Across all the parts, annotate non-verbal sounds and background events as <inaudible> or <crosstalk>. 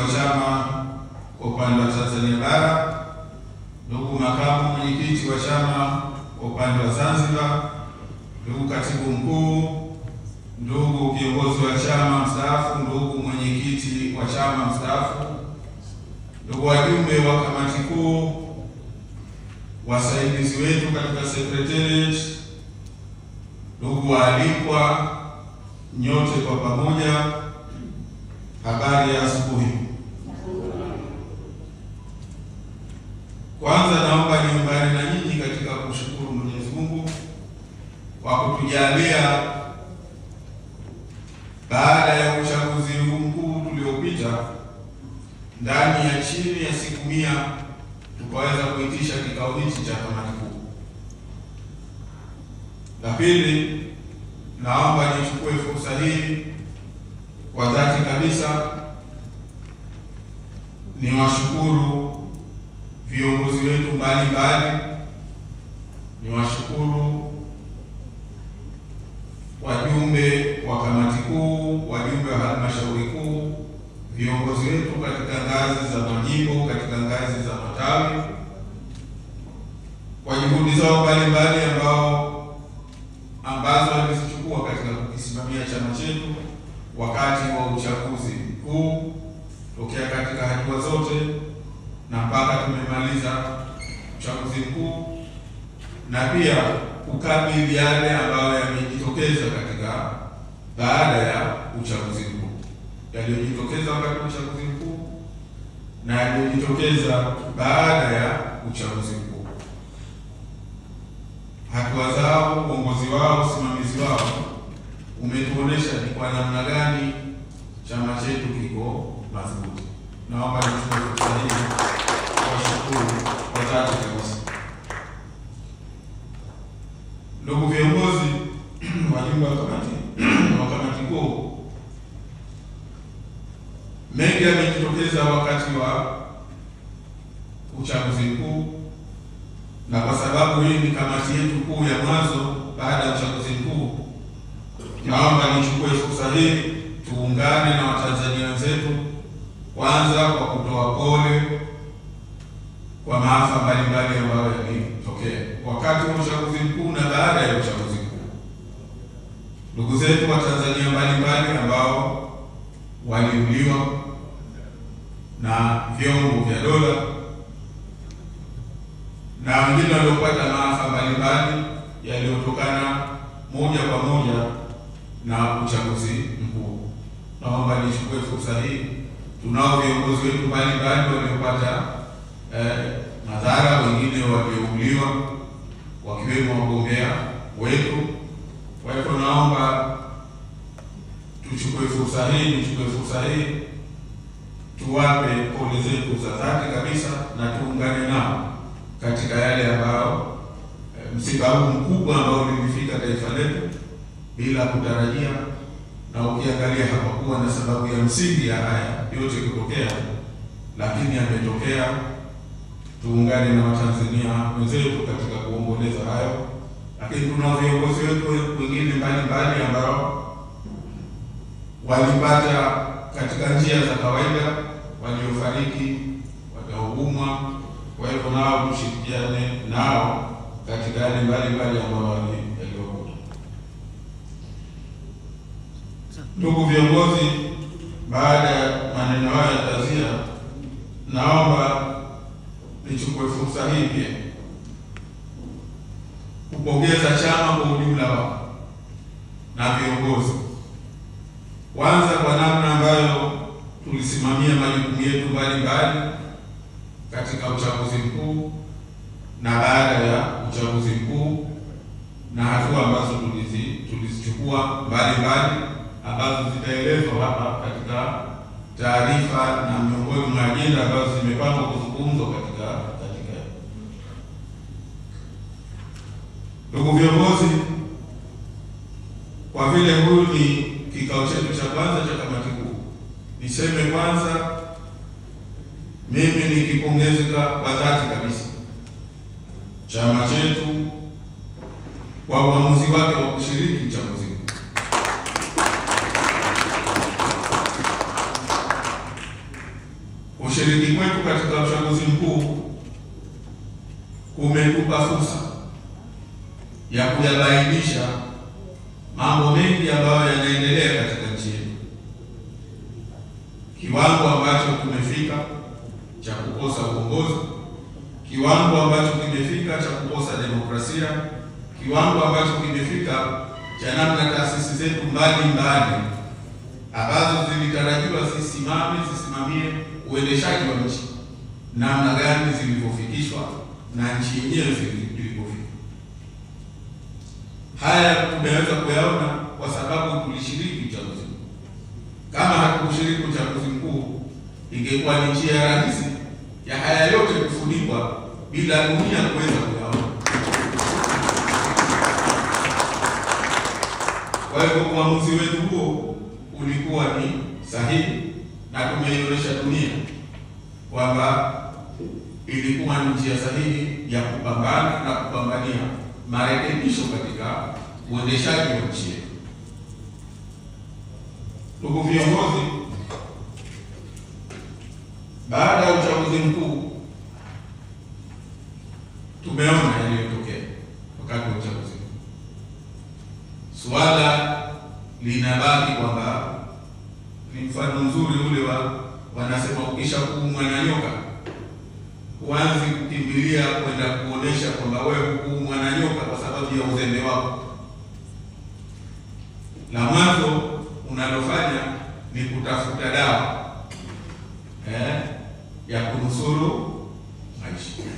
wa chama kwa upande wa Tanzania Bara, ndugu makamu mwenyekiti wa chama kwa upande wa Zanzibar, ndugu katibu mkuu, ndugu kiongozi wa chama mstaafu, ndugu mwenyekiti wa chama mstaafu, ndugu wajumbe wa kamati kuu, wasaidizi wetu katika secretariat, ndugu waalikwa nyote kwa pamoja, habari ya asubuhi. Kwanza naomba niungane na nyinyi katika kushukuru Mwenyezi Mungu kwa kutujalia baada ya uchaguzi huu mkuu tuliopita, ndani ya chini ya siku mia tukaweza kuitisha kikao hichi cha kamati kuu. La pili, naomba nichukue fursa hii kwa dhati kabisa niwashukuru viongozi wetu mbalimbali, niwashukuru wajumbe wa kamati kuu, wajumbe wa halmashauri kuu, viongozi wetu katika ngazi za majimbo, katika ngazi za matawi kwa juhudi zao mbalimbali ambao ambazo walizichukua katika kukisimamia chama chetu wakati wa uchaguzi mkuu tokea katika hatua zote na mpaka tumemaliza uchaguzi mkuu na pia kukabili yale ambayo yamejitokeza katika baada ya uchaguzi mkuu, yaliyojitokeza wakati wa uchaguzi mkuu na yaliyojitokeza baada ya uchaguzi mkuu, hatua zao, uongozi wao, usimamizi wao umetuonesha ni kwa namna gani chama chetu kiko madhubuti. Naomba nichukue fursa hii Mm. Ndugu viongozi, <clears throat> wajumbe <clears throat> wa kamati kuu, mengi yamejitokeza wakati wa uchaguzi mkuu, na kwa sababu hii kamati yetu kuu ya mwanzo baada ya uchaguzi mkuu, naomba nichukue tuungane na Watanzania wenzetu kwanza kwa kutoa pole kwa maafa mbalimbali ambayo yalitokea wakati wa uchaguzi mkuu na baada ya uchaguzi mkuu. Ndugu zetu wa Tanzania mbalimbali ambao waliuliwa na vyombo vya dola na wengine waliopata maafa mbalimbali yaliyotokana moja kwa moja na uchaguzi mkuu. Naomba nichukue fursa hii, tunao viongozi wetu mbalimbali waliopata eh, madhara, wengine waliouliwa wakiwemo wagombea wetu. Kwa hivyo naomba tuchukue fursa hii tuchukue fursa hii tuwape pole zetu za dhati kabisa, na tuungane nao katika yale ambayo e, msiba huu mkubwa ambao ulifika taifa letu bila kutarajia, na ukiangalia hapakuwa na sababu ya msingi ya haya yote kutokea, lakini yametokea tuungane na Watanzania wenzetu katika kuomboleza hayo, lakini kuna viongozi wetu wengine mbalimbali ambao walipata katika njia za kawaida, waliofariki, wataugumwa. Kwa hivyo nao tushirikiane nao katika yale mbalimbali ambayo yaliyokuta. Ndugu viongozi, baada ya maneno hayo ya tazia, naomba nichukue fursa hii pia kupongeza chama kwa ujumla wao na viongozi, kwanza kwa namna ambayo tulisimamia majukumu yetu mbalimbali katika uchaguzi mkuu na baada ya uchaguzi mkuu na hatua ambazo tulizichukua mbalimbali ambazo zitaelezwa hapa katika taarifa na miongoni mwa ajenda ambazo zimepangwa kuzungumzwa. Ndugu viongozi, kwa vile huyu ni kikao chetu cha kwanza cha kamati kuu, niseme kwanza mimi nikipongeza kwa dhati kabisa chama chetu kwa uamuzi wake wa kushiriki uchaguzi Ushiriki kwetu katika uchaguzi mkuu kumetupa fursa ya kuyabainisha mambo mengi ambayo yanaendelea katika nchi yetu, kiwango ambacho kimefika cha kukosa uongozi, kiwango ambacho kimefika cha kukosa demokrasia, kiwango ambacho kimefika cha namna taasisi zetu mbalimbali ambazo zilitarajiwa zisimame zisimamie uendeshaji wa nchi, namna gani zilivyofikishwa na nchi yenyewe zilivyofikishwa Haya tumeweza kuyaona kwa sababu tulishiriki uchaguzi mkuu. Kama hatukushiriki uchaguzi mkuu, ingekuwa ni njia rahisi ya haya yote kufunikwa bila dunia kuweza kuyaona. Kwa hivyo uamuzi wetu huo ulikuwa ni sahihi na tumeionyesha dunia kwamba ilikuwa ni njia sahihi ya kupambana na kupambania marekebisho katika uendeshaji wa nchi yetu. Ndugu viongozi, baada ya uchaguzi mkuu tumeona yaliyotokea wakati wa uchaguzi mkuu. Suala linabaki kwamba ni mfano mzuri ule wa wanasema ukisha kuumwa na nyoka huanzi kukimbilia kwenda kuonesha kwamba wewe huku mwananyoka kwa sababu ya uzembe wako. La mwanzo unalofanya ni kutafuta dawa eh, ya kunusuru maisha.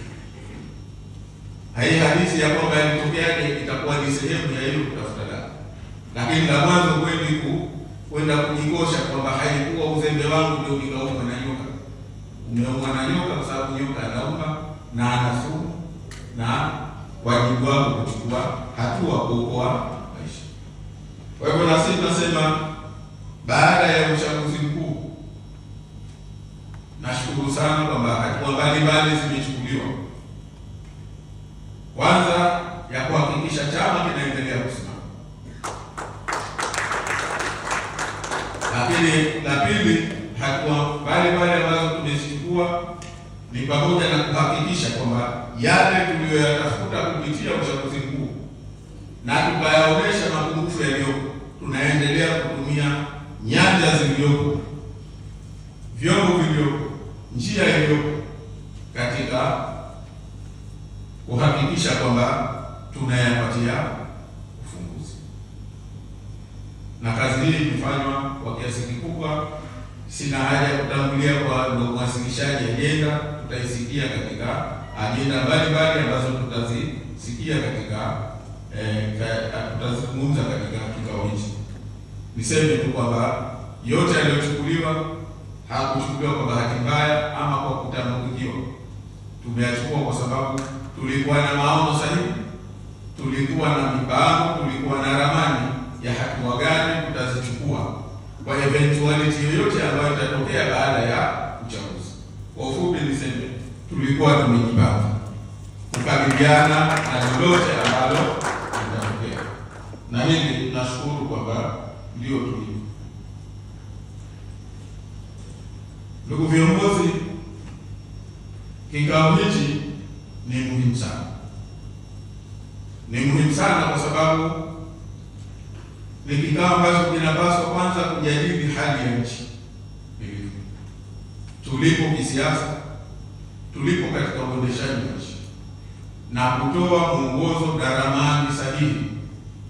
Hai hadithi ya kwamba yalitokeaje itakuwa ni sehemu ya hiyo kutafuta dawa, lakini la mwanzo kweli kwenda kujikosha kwamba haikuwa uzembe wangu ndio nikaumwa na umeumwa na nyoka, kwa sababu nyoka anauma na anasumu, na wajibu wako kuchukua hatua kuokoa maisha. Kwa hivyo, na sisi tunasema baada ya uchaguzi mkuu, nashukuru sana kwamba hatua mbalimbali zimechukuliwa, kwanza ya kuhakikisha chama kinaendelea kusimama, lakini la pili hatua mbalimbali ambazo tumezichukua ni pamoja na kuhakikisha kwamba yale tuliyoyatafuta kupitia uchaguzi mkuu na tukayaonesha mapungufu yaliyopo, tunaendelea kutumia nyanja zilizopo, vyombo vilivyopo, njia iliyopo katika kuhakikisha kwamba tunayapatia ufunguzi na kazi hii imefanywa kwa kiasi kikubwa. Sina haja ya kutangulia kwa uwasilishaji ajenda, tutaisikia katika ajenda mbalimbali ambazo tutazisikia katika eh, tutazungumza katika kikao hichi. Niseme tu kwamba yote yaliyochukuliwa hakuchukuliwa kwa bahati mbaya ama kwa kutambukiwa. tumeachukua kwa sababu tulikuwa na maono sahihi, tulikuwa na mipango, tulikuwa na ramani ya hatua gani tutazi eventuality yoyote ambayo itatokea baada ya uchaguzi. Kwa ufupi, niseme tulikuwa tumejipanga kukabiliana na lolote ambalo litatokea, na hili nashukuru kwamba ndio tulivyo. Ndugu viongozi, kikao hichi ni muhimu sana, ni muhimu sana kwa sababu ni kikao ambacho kinapaswa kwanza kujadili hali ya nchi ilivyo, tulipo kisiasa, tulipo katika uendeshaji wa nchi na kutoa mwongozo daramani sahihi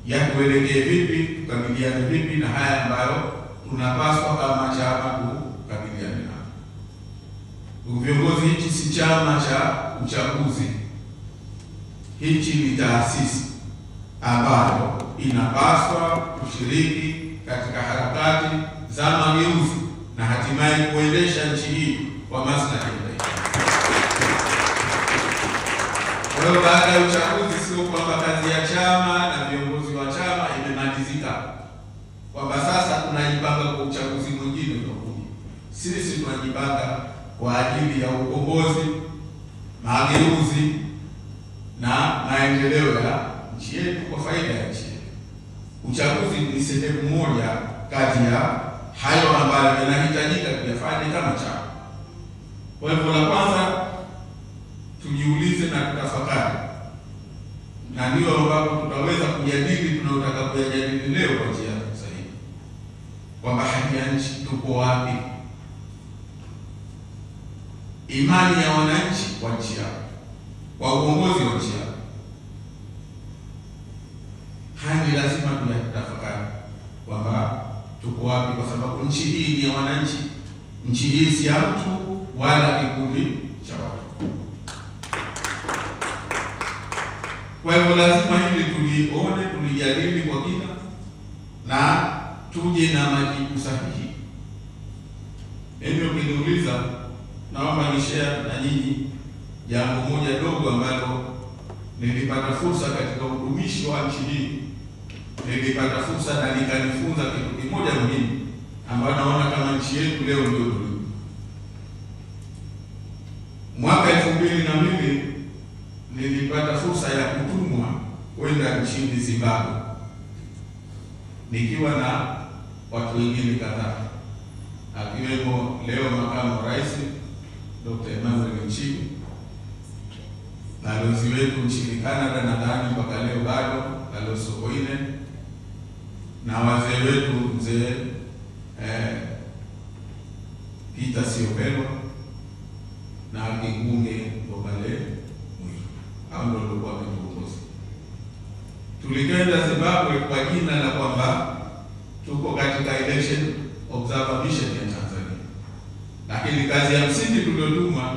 ya kuelekea vipi, tukabiliane vipi na haya ambayo tunapaswa kama chama kukabiliana nayo. Ndugu viongozi, hichi si chama cha uchaguzi, hichi ni taasisi ambayo inapaswa kushiriki katika harakati za mageuzi na hatimaye kuendesha nchi hii kwa maslahi ya taifa. Kwa hiyo baada ya uchaguzi, sio kwamba kazi ya chama na viongozi wa chama imemalizika, kwamba sasa tunajipanga kwa uchaguzi mwingine utakuja. Sisi tunajipanga kwa ajili ya ukombozi, mageuzi na maendeleo ya nchi yetu kwa faida ya nchi. Uchaguzi ni sehemu moja kati ya hayo ambayo yanahitajika kuyafanya kama chama. Kwa hivyo, la kwanza tujiulize na tutafakari, na ndio ambapo tutaweza kujadili tunaotaka kuyajadili leo kwa njia sahihi, kwamba haki ya nchi tuko wapi, imani ya wananchi kwa nchi yao, kwa uongozi wa nchi hali lazima tuyatafakari kwamba tuko wapi, kwa sababu nchi hii ni ya wananchi. Nchi hii si ya mtu wala kikundi cha watu. Kwa hivyo lazima hili tulione, tulijadili kwa kina na tuje na majibu sahihi. Mimi ukiniuliza, naomba nishare na nyinyi jambo moja dogo ambalo nilipata fursa katika utumishi wa nchi hii nilipata fursa na nikajifunza kitu kimoja muhimu ambayo naona kama nchi yetu leo ndio tulio. Mwaka elfu mbili na mbili nilipata fursa ya kutumwa kwenda nchini Zimbabwe nikiwa na watu wengine kadhaa akiwemo leo makamu rais Dr. Emmanuel Nchimbi balozi wetu nchini Canada, nadhani mpaka leo bado balozi Sokoine na wazee wetu mzee eh, Peter Siopelwa na Kingunge Bobale Mwiru, hao ndio walikuwa wametuongoza. Tulikwenda Zimbabwe kwa jina la kwamba tuko katika election observer mission ya Tanzania, lakini kazi ya msingi tuliotumwa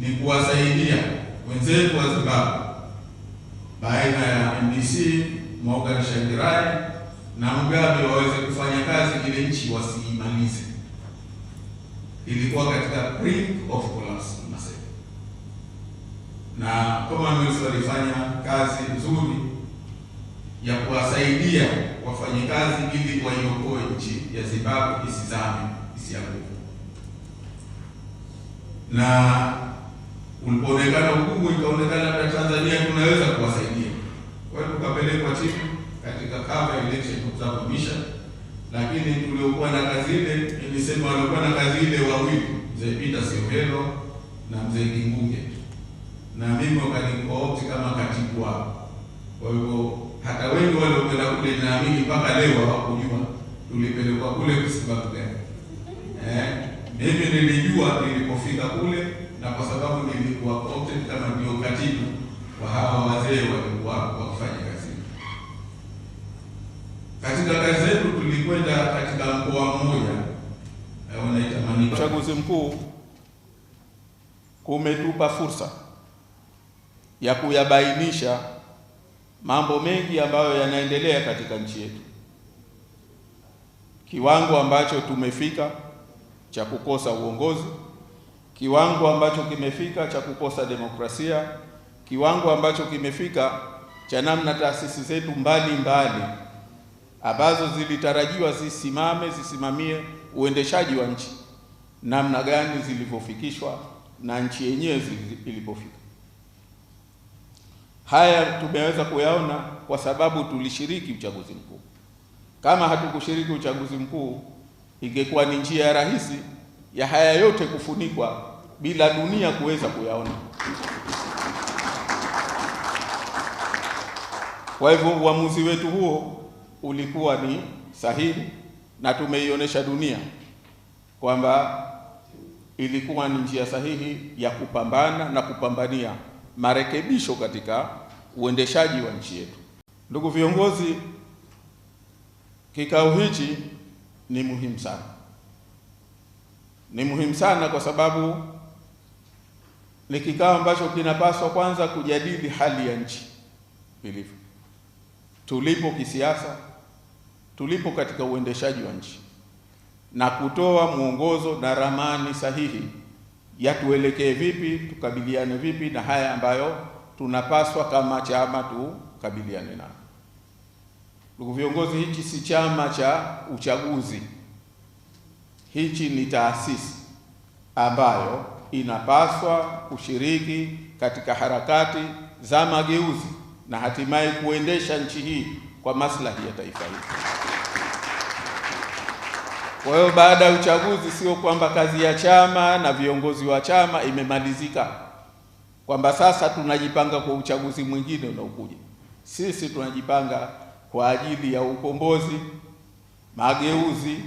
ni kuwasaidia wenzetu wa Zimbabwe baina ya MDC Morgan Tsvangirai na Mugabe waweze kufanya kazi ile nchi wasiimalize. Ilikuwa katika brink of collapse nasema, na Commonwealth walifanya kazi nzuri ya kuwasaidia kazi ili waiokoe nchi ya Zimbabwe isizame, isianguke. Na ulipoonekana ugumu, ikaonekana labda Tanzania tunaweza kuwasaidia, kwa hiyo tukapelekwa chini katika kama election kutusimamisha, lakini tuliokuwa na kazi ile, nilisema walikuwa na kazi ile wawili, mzee Peter Siobelo na mzee Kingunge, na mimi wakanikoopti kama katibu wao. Kwa hivyo hata wengi waliokwenda kule, naamini mpaka leo hawakujua tulipelekwa kule kwa sababu gani. Eh, mimi nilijua nilipofika kule, na kwa sababu nilikuwa opted kama ndio katibu wa hawa wazee walikuwa wakifanya katika zetu tulikwenda katika mkoa mmoja eh, wanaita Manipa. Uchaguzi mkuu kumetupa fursa ya kuyabainisha mambo mengi ambayo yanaendelea katika nchi yetu, kiwango ambacho tumefika cha kukosa uongozi, kiwango ambacho kimefika cha kukosa demokrasia, kiwango ambacho kimefika cha namna taasisi zetu mbalimbali ambazo zilitarajiwa zisimame zisimamie uendeshaji wa nchi namna gani zilivyofikishwa na nchi yenyewe ilipofika. Haya tumeweza kuyaona kwa sababu tulishiriki uchaguzi mkuu. Kama hatukushiriki uchaguzi mkuu, ingekuwa ni njia ya rahisi ya haya yote kufunikwa bila dunia kuweza kuyaona. Kwa hivyo uamuzi wetu huo ulikuwa ni sahihi, na tumeionyesha dunia kwamba ilikuwa ni njia sahihi ya kupambana na kupambania marekebisho katika uendeshaji wa nchi yetu. Ndugu viongozi, kikao hichi ni muhimu sana, ni muhimu sana kwa sababu ni kikao ambacho kinapaswa kwanza kujadili hali ya nchi ilivyo, tulipo kisiasa tulipo katika uendeshaji wa nchi na kutoa mwongozo na ramani sahihi ya tuelekee vipi, tukabiliane vipi na haya ambayo tunapaswa kama chama tukabiliane nayo. Ndugu viongozi, hichi si chama cha uchaguzi, hichi ni taasisi ambayo inapaswa kushiriki katika harakati za mageuzi na hatimaye kuendesha nchi hii kwa maslahi ya taifa hili. Kwa hiyo baada ya uchaguzi, sio kwamba kazi ya chama na viongozi wa chama imemalizika, kwamba sasa tunajipanga kwa uchaguzi mwingine unaokuja. Sisi tunajipanga kwa ajili ya ukombozi, mageuzi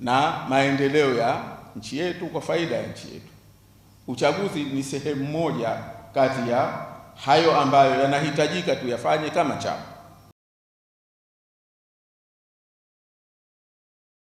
na maendeleo ya nchi yetu kwa faida ya nchi yetu. Uchaguzi ni sehemu moja kati ya hayo ambayo yanahitajika tuyafanye kama chama.